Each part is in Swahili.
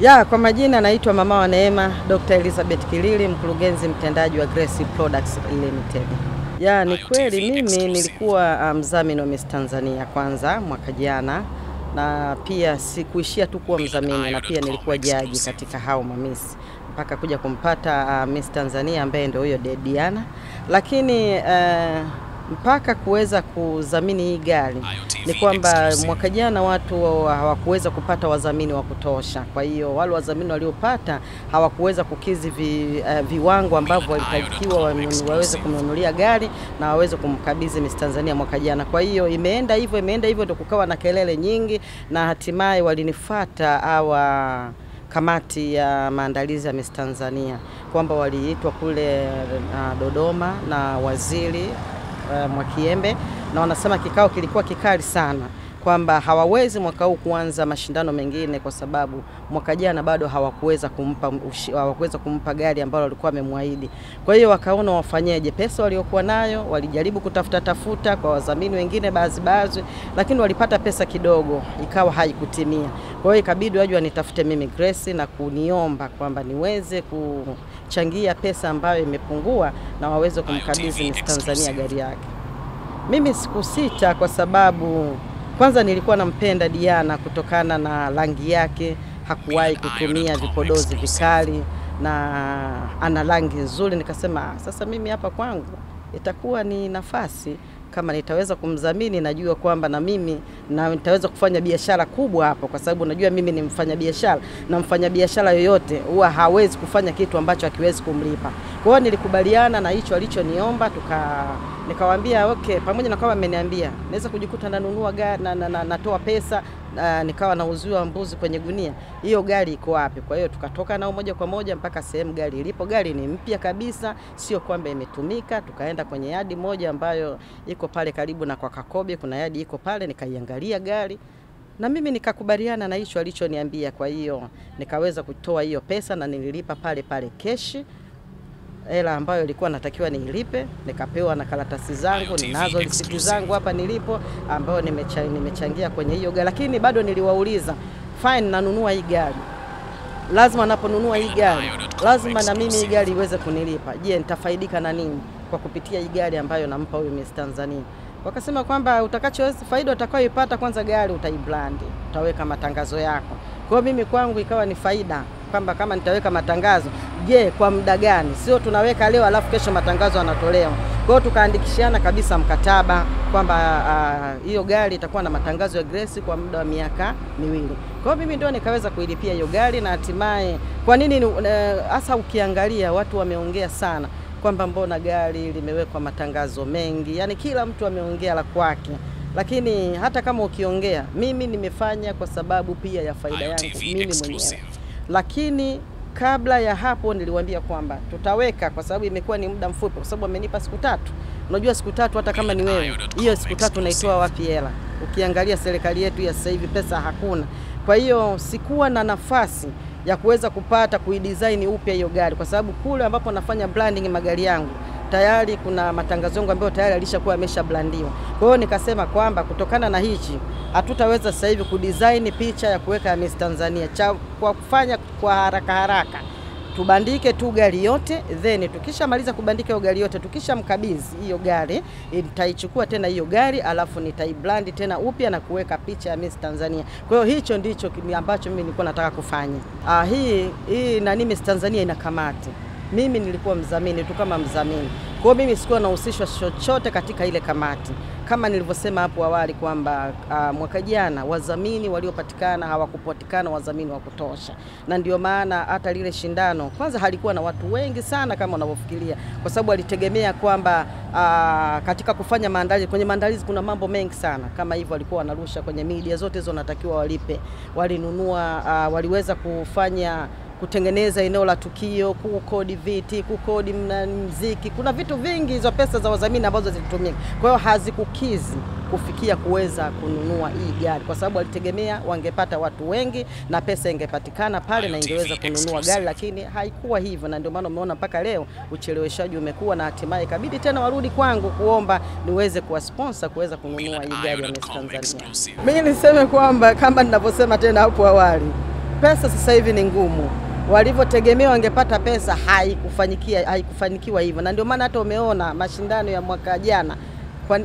Ya, kwa majina naitwa Mama wa Neema, Dr. Elizabeth Kilili, mkurugenzi mtendaji wa Grace Products Limited. Ya, ni kweli mimi nilikuwa uh, mzamini wa Miss Tanzania kwanza mwaka jana na pia sikuishia tu kuwa mzamini na pia nilikuwa jaji katika hao mamisi mpaka kuja kumpata uh, Miss Tanzania ambaye ndio huyo dediana lakini uh, mpaka kuweza kudhamini hii gari ni kwamba mwaka jana watu hawakuweza kupata wadhamini wa kutosha. Kwa hiyo wale wadhamini waliopata hawakuweza kukidhi vi, uh, viwango ambavyo walitakiwa waweze kumnunulia gari na waweze kumkabidhi Miss Tanzania mwaka jana. Kwa hiyo imeenda hivyo, imeenda hivyo, ndio kukawa na kelele nyingi, na hatimaye walinifuata hawa kamati ya maandalizi ya Miss Tanzania kwamba waliitwa kule uh, Dodoma na waziri mwa eh, Mwakiembe na wanasema kikao kilikuwa kikali sana kwamba hawawezi mwaka huu kuanza mashindano mengine kwa sababu mwaka jana bado hawakuweza kumpa, hawakuweza kumpa gari ambalo walikuwa wamemwahidi. Kwa hiyo wakaona wafanyeje, pesa waliokuwa nayo walijaribu kutafuta tafuta kwa wadhamini wengine baadhi baadhi, lakini walipata pesa kidogo ikawa haikutimia. Kwa hiyo ikabidi waje wanitafute mimi Grace na kuniomba kwamba niweze kuchangia pesa ambayo imepungua na waweze kumkabidhi Miss Tanzania gari yake. Mimi sita kwa sababu kwanza nilikuwa nampenda Diana kutokana na rangi yake, hakuwahi kutumia vipodozi vikali na ana rangi nzuri. Nikasema sasa mimi hapa kwangu itakuwa ni nafasi kama nitaweza kumdhamini, najua kwamba na mimi na nitaweza kufanya biashara kubwa hapo, kwa sababu najua mimi ni mfanyabiashara, na mfanyabiashara yoyote huwa hawezi kufanya kitu ambacho hakiwezi kumlipa. Kwa hiyo nilikubaliana na hicho alichoniomba tuka nikawaambia okay, pamoja na kwamba ameniambia naweza kujikuta nanunua gari na, na, na, natoa pesa na, nikawa nauziwa mbuzi kwenye gunia, hiyo gari iko wapi? Kwa hiyo tukatoka nao moja kwa moja mpaka sehemu gari ilipo. Gari ni mpya kabisa, sio kwamba imetumika. Tukaenda kwenye yadi moja ambayo iko pale karibu na kwa Kakobe, kuna yadi iko pale, nikaiangalia gari na mimi nikakubaliana na hicho alichoniambia. Kwa hiyo nikaweza kutoa hiyo pesa na nililipa pale pale keshi hela ambayo ilikuwa natakiwa niilipe, nikapewa na karatasi zangu, ninazo risiti zangu hapa nilipo, ambayo nimechangia kwenye hiyo gari, lakini bado niliwauliza fine, nanunua hii gari lazima naponunua hii gari lazima na mimi hii gari iweze kunilipa. Je, nitafaidika na nini kwa kupitia hii gari ambayo nampa huyu Miss Tanzania? Wakasema kwamba utakachoweza faida utakayoipata, kwanza gari utaibrandi, utaweka matangazo yako. Kwa hiyo mimi kwangu ikawa ni faida kwamba kama nitaweka matangazo, je, kwa muda gani? Sio tunaweka leo alafu kesho matangazo yanatolewa. Kwa hiyo tukaandikishana kabisa mkataba kwamba ah, ah, hiyo gari itakuwa na matangazo ya Grace kwa muda wa miaka miwili. Kwa hiyo mimi ndio nikaweza kuilipia hiyo gari na hatimaye, kwa nini eh, hasa ukiangalia watu wameongea sana kwamba mbona gari limewekwa matangazo mengi, yaani kila mtu ameongea la kwake lakini hata kama ukiongea, mimi nimefanya kwa sababu pia ya faida yangu mimi mwenyewe lakini kabla ya hapo niliwaambia kwamba tutaweka, kwa sababu imekuwa ni muda mfupi, kwa sababu amenipa siku tatu. Unajua siku tatu, hata kama ni wewe, hiyo siku tatu naitoa wapi hela? Ukiangalia serikali yetu ya sasa hivi pesa hakuna. Kwa hiyo sikuwa na nafasi ya kuweza kupata kuidesign upya hiyo gari, kwa sababu kule ambapo nafanya branding magari yangu tayari kuna matangazo yangu ambayo tayari alishakuwa ameshablandiwa. Kwa hiyo nikasema kwamba kutokana na hichi hatutaweza sasa hivi kudesign picha ya kuweka Miss Tanzania cha kwa kufanya kwa haraka haraka tubandike tu gari yote, then tukishamaliza kubandika hiyo gari yote, tukishamkabidhi hiyo gari, nitaichukua tena hiyo gari alafu nitaibrand tena upya na kuweka picha ya Miss Tanzania. Kwa hiyo hicho ndicho ambacho mimi nilikuwa nataka kufanya. Ah, hii hii nani Miss Tanzania ina kamati mimi nilikuwa mdhamini tu kama mdhamini, kwa mimi sikuwa nahusishwa chochote katika ile kamati. Kama nilivyosema hapo awali kwamba uh, mwaka jana wadhamini waliopatikana hawakupatikana wadhamini wa kutosha, na ndio maana hata lile shindano kwanza halikuwa na watu wengi sana kama unavyofikiria, kwa sababu alitegemea kwamba uh, katika kufanya maandalizi, kwenye maandalizi kuna mambo mengi sana kama hivyo, walikuwa wanarusha kwenye media zote hizo, walipe, walinunua uh, waliweza kufanya kutengeneza eneo la tukio, kukodi viti, kukodi mziki. Kuna vitu vingi hizo pesa za wadhamini ambazo zilitumika, kwa hiyo hazikukizi kufikia kuweza kununua hii gari, kwa sababu alitegemea wangepata watu wengi na pesa ingepatikana pale na ingeweza kununua gari, lakini haikuwa hivyo, na ndio maana umeona mpaka leo ucheleweshaji umekuwa, na hatimaye ikabidi tena warudi kwangu kuomba niweze sponsor kuweza kununua hii gari ya Miss Tanzania. Mimi niseme kwamba kama ninavyosema tena hapo awali, pesa sasa hivi ni ngumu walivyotegemea wangepata pesa haikufanikia haikufanikiwa hivyo, na ndio maana hata umeona mashindano ya mwaka jana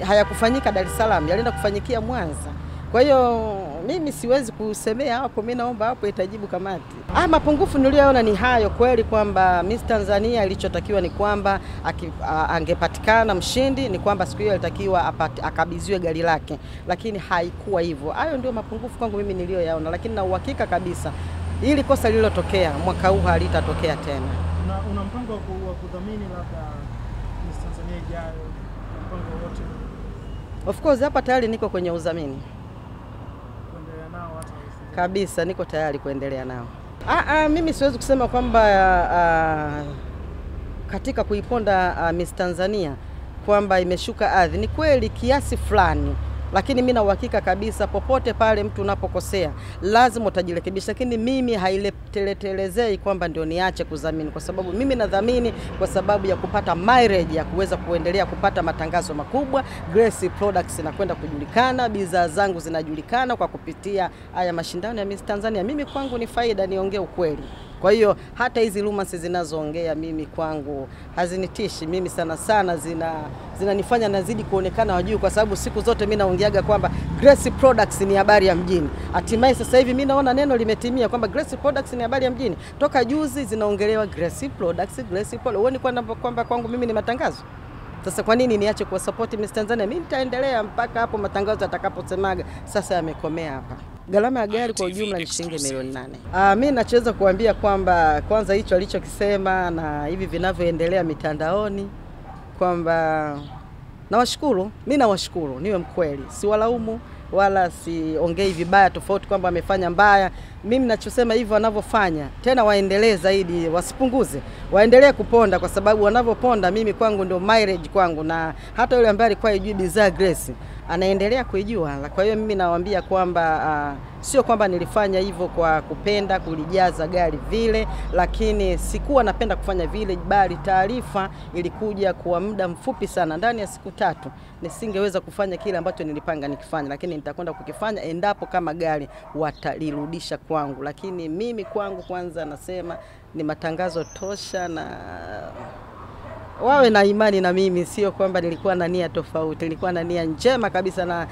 hayakufanyika Dar es Salaam, yalienda kufanyikia Mwanza. Kwa hiyo mimi siwezi kusemea hapo, mimi naomba hapo itajibu kamati. Ah, mapungufu niliyoona ni hayo kweli, kwamba Miss Tanzania ilichotakiwa ni kwamba aki, a, angepatikana mshindi ni kwamba siku hiyo alitakiwa akabidhiwe gari lake, lakini haikuwa hivyo. Hayo ndio mapungufu kwangu mimi niliyoyaona, lakini na uhakika kabisa ili kosa lililotokea mwaka huu halitatokea tena. Una, una mpango wa kudhamini labda Miss Tanzania ijayo, mpango wote? Of course hapa tayari niko kwenye udhamini kabisa, niko tayari kuendelea nao. ah, ah mimi siwezi kusema kwamba ah, katika kuiponda ah, Miss Tanzania kwamba imeshuka ardhi. Ni kweli kiasi fulani lakini mimi na uhakika kabisa popote pale mtu unapokosea lazima utajirekebisha, lakini mimi haileteletelezei kwamba ndio niache kudhamini, kwa sababu mimi nadhamini kwa sababu ya kupata mileage ya kuweza kuendelea kupata matangazo makubwa. Grace Products inakwenda kujulikana, bidhaa zangu zinajulikana kwa kupitia haya mashindano ya Miss Tanzania. Mimi kwangu ni faida, niongee ukweli. Kwa hiyo hata hizi rumors zinazoongea mimi kwangu hazinitishi mimi sana sana, zina zinanifanya nazidi kuonekana wajuu, kwa sababu siku zote mimi naongeaga kwamba Grace Products ni habari ya mjini. Hatimaye sasa hivi mimi naona neno limetimia kwamba Grace Products ni habari ya mjini. Toka juzi zinaongelewa Grace Products, Grace Products. Huoni kwamba kwangu mimi ni matangazo? Sasa kwa nini niache support Miss Tanzania? Mimi nitaendelea mpaka hapo matangazo atakaposemaga. sasa yamekomea hapa. Gharama ya gari ah, kwa ujumla ni shilingi milioni nane. Ah, mimi nachoweza kuambia kwamba kwanza hicho alichokisema na hivi vinavyoendelea mitandaoni kwamba nawashukuru, mi nawashukuru, niwe mkweli, siwalaumu wala siongei vibaya tofauti kwamba amefanya mbaya. Mimi nachosema hivyo wanavyofanya tena, waendelee zaidi, wasipunguze, waendelee kuponda, kwa sababu wanavyoponda mimi kwangu ndio mileage kwangu, na hata yule ambaye alikuwa ijui bidhaa Grace anaendelea kuijua. Kwa hiyo mimi nawaambia kwamba uh, sio kwamba nilifanya hivyo kwa kupenda kulijaza gari vile, lakini sikuwa napenda kufanya vile, bali taarifa ilikuja kwa muda mfupi sana. Ndani ya siku tatu nisingeweza kufanya kile ambacho nilipanga nikifanya, lakini nitakwenda kukifanya endapo kama gari watalirudisha kwangu. Lakini mimi kwangu, kwanza nasema ni matangazo tosha na wawe na imani na mimi, sio kwamba nilikuwa na nia tofauti, nilikuwa na nia njema kabisa, na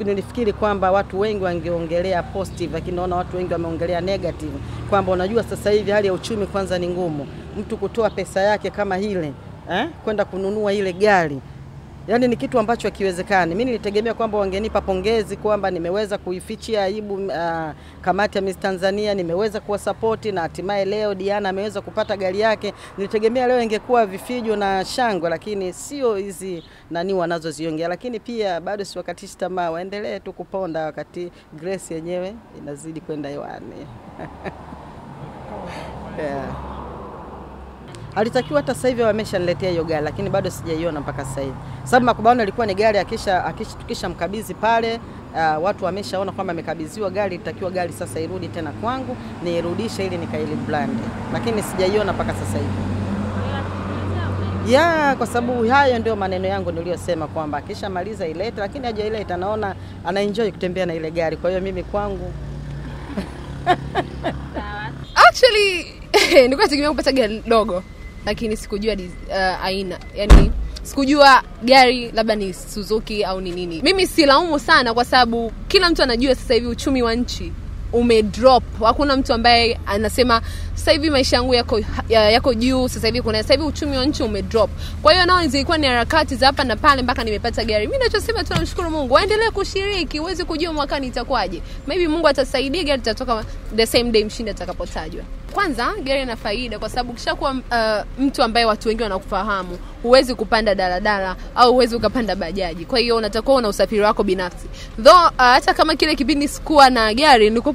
nilifikiri kwamba watu wengi wangeongelea positive, lakini naona watu wengi wameongelea negative, kwamba unajua sasa hivi hali ya uchumi kwanza ni ngumu, mtu kutoa pesa yake kama hile eh, kwenda kununua ile gari Yaani ni kitu ambacho hakiwezekani. Mimi nilitegemea kwamba wangenipa pongezi kwamba nimeweza kuifichia aibu uh, kamati ya Miss Tanzania, nimeweza kuwasapoti na hatimaye leo Diana ameweza kupata gari yake. Nilitegemea leo ingekuwa vifijo na shangwe, lakini sio hizi nani wanazoziongea. Lakini pia bado si wakati tamaa, waendelee tu kuponda wakati Grace yenyewe inazidi kwenda hewani. yeah alitakiwa hata sasa hivi wameshaniletea hiyo gari, lakini bado sijaiona mpaka sasa hivi, sababu makubaliano ilikuwa ni gari akisha, akisha tukishamkabidhi pale uh, watu wameshaona kwamba amekabidhiwa gari, litakiwa gari sasa irudi tena kwangu niirudishe ili nikaili brand, lakini sijaiona mpaka sasa hivi ya kwa sababu hayo ndio maneno yangu niliyosema kwamba akishamaliza ilete, lakini hajaileta, naona enjoy kutembea na ile gari. Kwa hiyo mimi kwangu actually nilikuwa nategemea kupata gari dogo lakini sikujua uh, aina yani sikujua gari labda ni suzuki au ni nini mimi silaumu sana kwa sababu kila mtu anajua sasa hivi uchumi wa nchi umedrop hakuna mtu ambaye anasema sasa hivi maisha yangu yako, ya, yako juu sasa hivi kuna sasa hivi uchumi wa nchi umedrop kwa hiyo nao zilikuwa ni harakati za hapa na pale mpaka nimepata gari mi nachosema tu namshukuru mungu waendelee kushiriki uwezi kujua mwakani itakuwaje maybe mungu atasaidia gari itatoka the same day mshindi atakapotajwa kwanza gari ina faida kwa sababu kishakuwa uh, mtu ambaye watu wengi wanakufahamu huwezi kupanda daladala au huwezi ukapanda bajaji kwa hiyo unatakuwa una usafiri wako binafsi though uh, hata kama kile kipindi sikuwa na gari nilikuwa